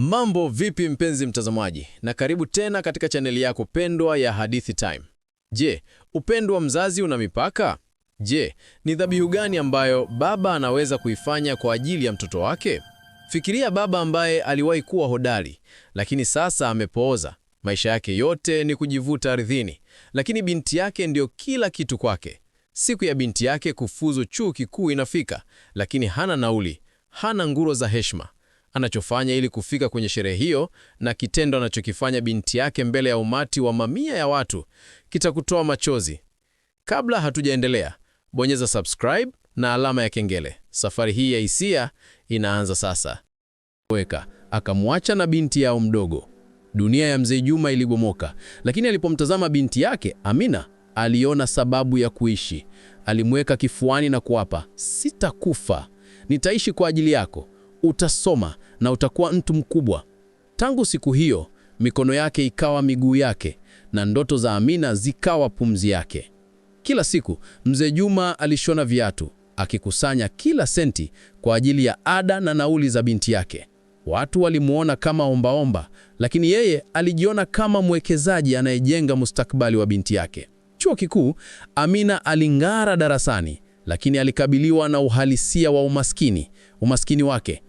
Mambo vipi mpenzi mtazamaji, na karibu tena katika chaneli yako pendwa ya Hadithi Time. Je, upendo wa mzazi una mipaka? Je, ni dhabihu gani ambayo baba anaweza kuifanya kwa ajili ya mtoto wake? Fikiria baba ambaye aliwahi kuwa hodari, lakini sasa amepooza. Maisha yake yote ni kujivuta ardhini, lakini binti yake ndiyo kila kitu kwake. Siku ya binti yake kufuzu chuo kikuu inafika, lakini hana nauli, hana nguro za heshima anachofanya ili kufika kwenye sherehe hiyo na kitendo anachokifanya binti yake mbele ya umati wa mamia ya watu kitakutoa machozi. Kabla hatujaendelea, bonyeza subscribe na alama ya kengele. Safari hii ya hisia inaanza sasa. Weka akamwacha na binti yao mdogo. Dunia ya mzee Juma ilibomoka, lakini alipomtazama binti yake Amina aliona sababu ya kuishi. Alimweka kifuani na kuapa, sitakufa, nitaishi kwa ajili yako utasoma na utakuwa mtu mkubwa. Tangu siku hiyo mikono yake ikawa miguu yake na ndoto za Amina zikawa pumzi yake. Kila siku mzee Juma alishona viatu akikusanya kila senti kwa ajili ya ada na nauli za binti yake. Watu walimwona kama ombaomba, lakini yeye alijiona kama mwekezaji anayejenga mustakabali wa binti yake. Chuo kikuu, Amina aling'ara darasani, lakini alikabiliwa na uhalisia wa umaskini umaskini wake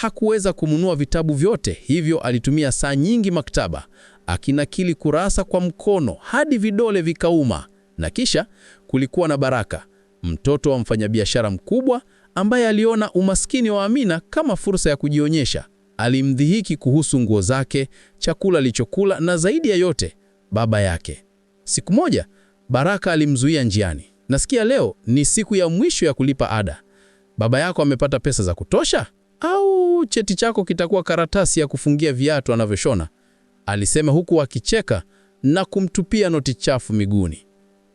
hakuweza kununua vitabu vyote, hivyo alitumia saa nyingi maktaba akinakili kurasa kwa mkono hadi vidole vikauma. Na kisha kulikuwa na Baraka, mtoto wa mfanyabiashara mkubwa ambaye aliona umaskini wa Amina kama fursa ya kujionyesha. Alimdhihiki kuhusu nguo zake, chakula alichokula na zaidi ya yote, baba yake. Siku moja, Baraka alimzuia njiani. Nasikia leo ni siku ya mwisho ya kulipa ada. Baba yako amepata pesa za kutosha? au cheti chako kitakuwa karatasi ya kufungia viatu anavyoshona, alisema huku akicheka na kumtupia noti chafu miguuni.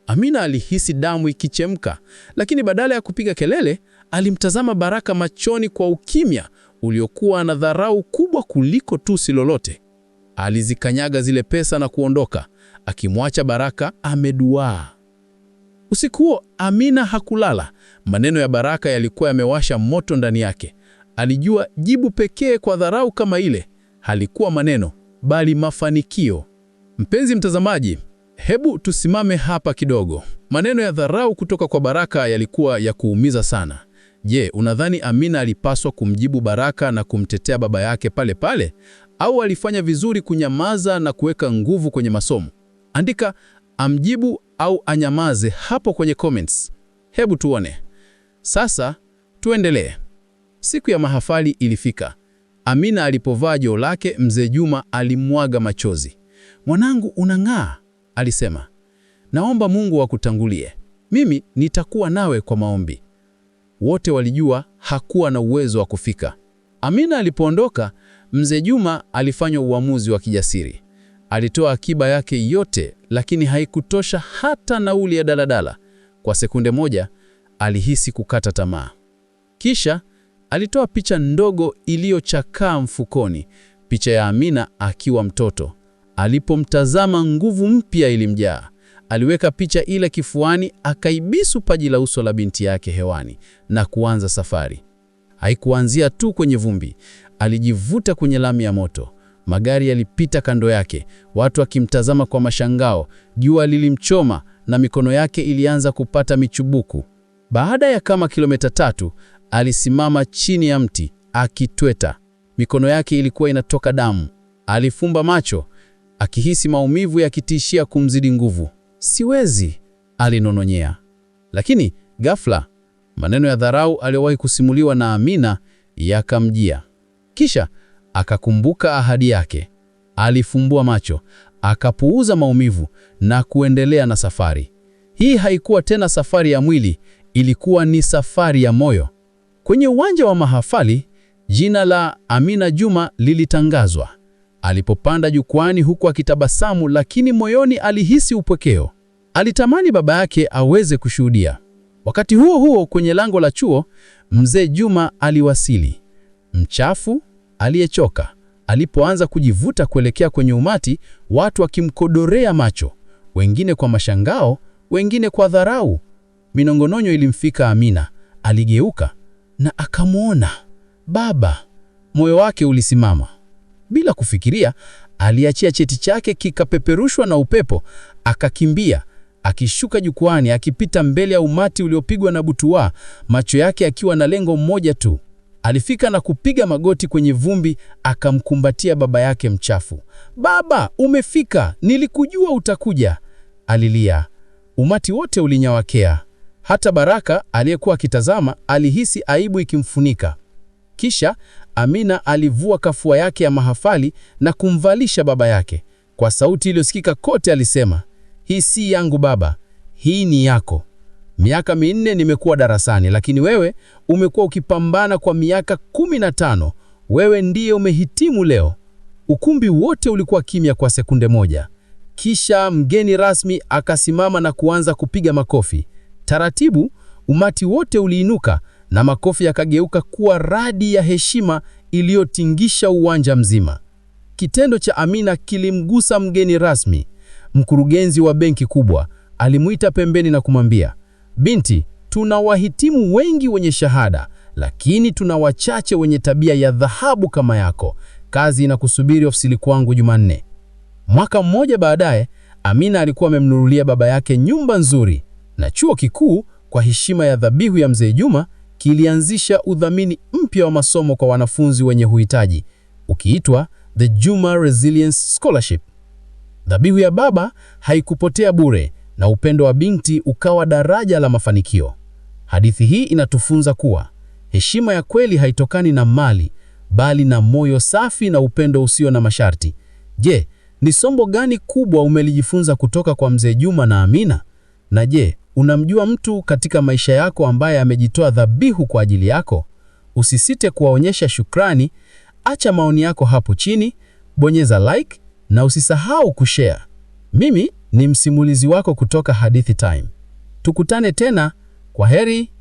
Amina alihisi damu ikichemka, lakini badala ya kupiga kelele, alimtazama Baraka machoni kwa ukimya uliokuwa na dharau kubwa kuliko tusi lolote. Alizikanyaga zile pesa na kuondoka, akimwacha Baraka ameduaa. Usiku huo Amina hakulala. Maneno ya Baraka yalikuwa yamewasha moto ndani yake. Alijua jibu pekee kwa dharau kama ile halikuwa maneno, bali mafanikio. Mpenzi mtazamaji, hebu tusimame hapa kidogo. Maneno ya dharau kutoka kwa Baraka yalikuwa ya kuumiza sana. Je, unadhani Amina alipaswa kumjibu Baraka na kumtetea baba yake pale pale, au alifanya vizuri kunyamaza na kuweka nguvu kwenye masomo? Andika amjibu au anyamaze hapo kwenye comments. Hebu tuone sasa, tuendelee. Siku ya mahafali ilifika. Amina alipovaa joo lake, mzee Juma alimwaga machozi. Mwanangu unang'aa, alisema. Naomba Mungu akutangulie, mimi nitakuwa nawe kwa maombi. Wote walijua hakuwa na uwezo wa kufika. Amina alipoondoka, mzee Juma alifanya uamuzi wa kijasiri. Alitoa akiba yake yote, lakini haikutosha hata nauli ya daladala. Kwa sekunde moja alihisi kukata tamaa, kisha Alitoa picha ndogo iliyochakaa mfukoni, picha ya Amina akiwa mtoto. Alipomtazama, nguvu mpya ilimjaa. Aliweka picha ile kifuani, akaibisu paji la uso la binti yake hewani na kuanza safari. Haikuanzia tu kwenye vumbi, alijivuta kwenye lami ya moto. Magari yalipita kando yake, watu akimtazama kwa mashangao. Jua lilimchoma na mikono yake ilianza kupata michubuku. Baada ya kama kilomita tatu Alisimama chini ya mti akitweta, mikono yake ilikuwa inatoka damu. Alifumba macho akihisi maumivu yakitishia kumzidi nguvu. Siwezi, alinononyea. Lakini ghafla maneno ya dharau aliyowahi kusimuliwa na Amina yakamjia. Kisha akakumbuka ahadi yake. Alifumbua macho, akapuuza maumivu na kuendelea na safari. Hii haikuwa tena safari ya mwili, ilikuwa ni safari ya moyo. Kwenye uwanja wa mahafali, jina la Amina Juma lilitangazwa. Alipopanda jukwani huku akitabasamu, lakini moyoni alihisi upwekeo. Alitamani baba yake aweze kushuhudia. Wakati huo huo, kwenye lango la chuo, mzee Juma aliwasili, mchafu, aliyechoka. Alipoanza kujivuta kuelekea kwenye umati, watu wakimkodorea macho, wengine kwa mashangao, wengine kwa dharau. Minongononyo ilimfika Amina, aligeuka na akamwona baba, moyo wake ulisimama. Bila kufikiria, aliachia cheti chake kikapeperushwa na upepo, akakimbia akishuka jukwani, akipita mbele ya umati uliopigwa na butwaa, macho yake akiwa na lengo moja tu. Alifika na kupiga magoti kwenye vumbi, akamkumbatia baba yake mchafu. Baba, umefika, nilikujua utakuja, alilia. Umati wote ulinyawakea. Hata Baraka aliyekuwa akitazama alihisi aibu ikimfunika. Kisha Amina alivua kafua yake ya mahafali na kumvalisha baba yake. Kwa sauti iliyosikika kote alisema, hii si yangu baba, hii ni yako. Miaka minne nimekuwa darasani, lakini wewe umekuwa ukipambana kwa miaka kumi na tano. Wewe ndiye umehitimu leo. Ukumbi wote ulikuwa kimya kwa sekunde moja, kisha mgeni rasmi akasimama na kuanza kupiga makofi. Taratibu umati wote uliinuka na makofi yakageuka kuwa radi ya heshima iliyotingisha uwanja mzima. Kitendo cha Amina kilimgusa mgeni rasmi. Mkurugenzi wa benki kubwa alimuita pembeni na kumwambia, "Binti, tuna wahitimu wengi wenye shahada, lakini tuna wachache wenye tabia ya dhahabu kama yako. Kazi inakusubiri ofisini kwangu Jumanne." Mwaka mmoja baadaye, Amina alikuwa amemnunulia baba yake nyumba nzuri na chuo kikuu kwa heshima ya dhabihu ya Mzee Juma kilianzisha udhamini mpya wa masomo kwa wanafunzi wenye uhitaji ukiitwa The Juma Resilience Scholarship. Dhabihu ya baba haikupotea bure na upendo wa binti ukawa daraja la mafanikio. Hadithi hii inatufunza kuwa heshima ya kweli haitokani na mali bali na moyo safi na upendo usio na masharti. Je, ni somo gani kubwa umelijifunza kutoka kwa Mzee Juma na Amina? Na je, Unamjua mtu katika maisha yako ambaye amejitoa dhabihu kwa ajili yako? Usisite kuwaonyesha shukrani. Acha maoni yako hapo chini, bonyeza like na usisahau kushare. Mimi ni msimulizi wako kutoka Hadithi Time. Tukutane tena, kwa heri.